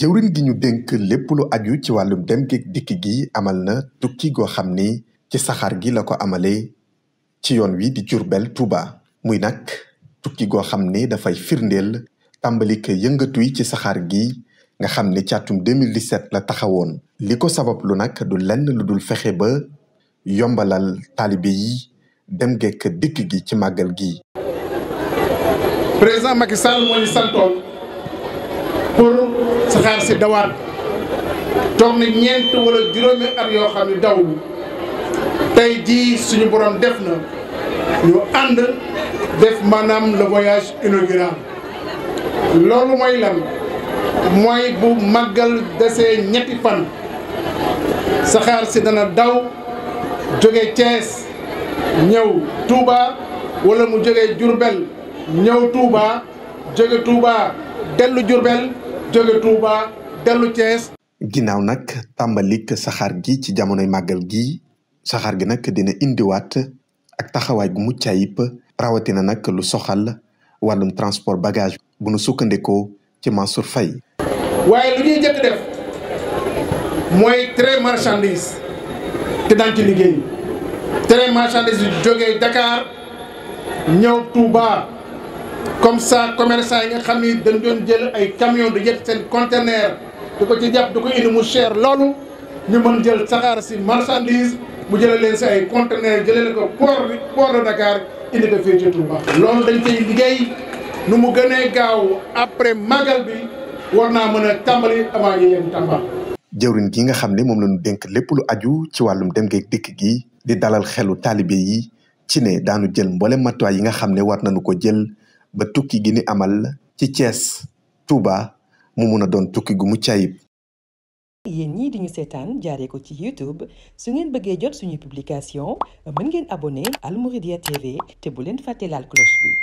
jëwrin gi ñu dénk lépp lu aju ci wàllum dem gi dikk gi amal na tukki goo xam ni ci saxaar gi la ko amalee ci yoon wi di Jurbel Tuuba muy nag tukki goo xam ni dafay firndeel tàmbalik yëngatu yi ci saxaar gi nga xam ni caatum atum 2017 la taxawoon li ko sabab lu nag du lenn lu dul fexe ba yombalal taalibe yi dem gekk dikk gi ci màggal gi président Macky Sall pour saxaar si dawaat toog na ñeent walla juróomi at yoo xam ne dawul tey jii suñu borom def na ñu ànd def maanaam le voyage inaugural loolu mooy lan mooy bu màggal desee ñetti fan saxaar si dana daw jóge Thiès ñëw Touba walla mu jóge Diourbel ñëw Touba jóge Touba dellu jurbel jóge Touba dellu Thiès. ginnaaw nag tàmbalik saxaar gi ci jamonoy màggal gi saxaar gi nag dina indiwaat ak taxawaay gu mucc ayib rawatina nag lu soxal wàllum transport bagage bu nu sukkandikoo ci Mansour Faye. waaye lu ñuy jëkk def mooy train marchandise te daan ci liggéey train marchandise yu jógee ñëw Touba. comme ça commerçant yi nga xam ni dañ jël ay camion du yet seen conteneur du ko ci jàpp du ko indi mu cher loolu ñu mën jël saxaar si marchandise mu jëlee leen si ay conteneur jëlee ko port de Dakar indi ko fii ci Touba loolu dañ koy nu mu gënee gaaw après magal bi war naa mën a tàmbali avant yi yéen tàmbal jëwriñ nga xam ne moom la ñu dénk lépp lu aju ci wàllum dem ngeeg dikk gi di dalal xelu taalibe yi ci ne daanu jël mboolem matuwaay yi nga xam ne war nañu ko jël ba tukki gi ni amal ci Thiès Touba mu mun a doon tukki gu mucc ayib yéen ñii di ñu seetaan jaaree ko ci YouTube su ngeen bëggee jot suñu publication mën ngeen abonné Al TV te bu leen fàtte laal cloche bi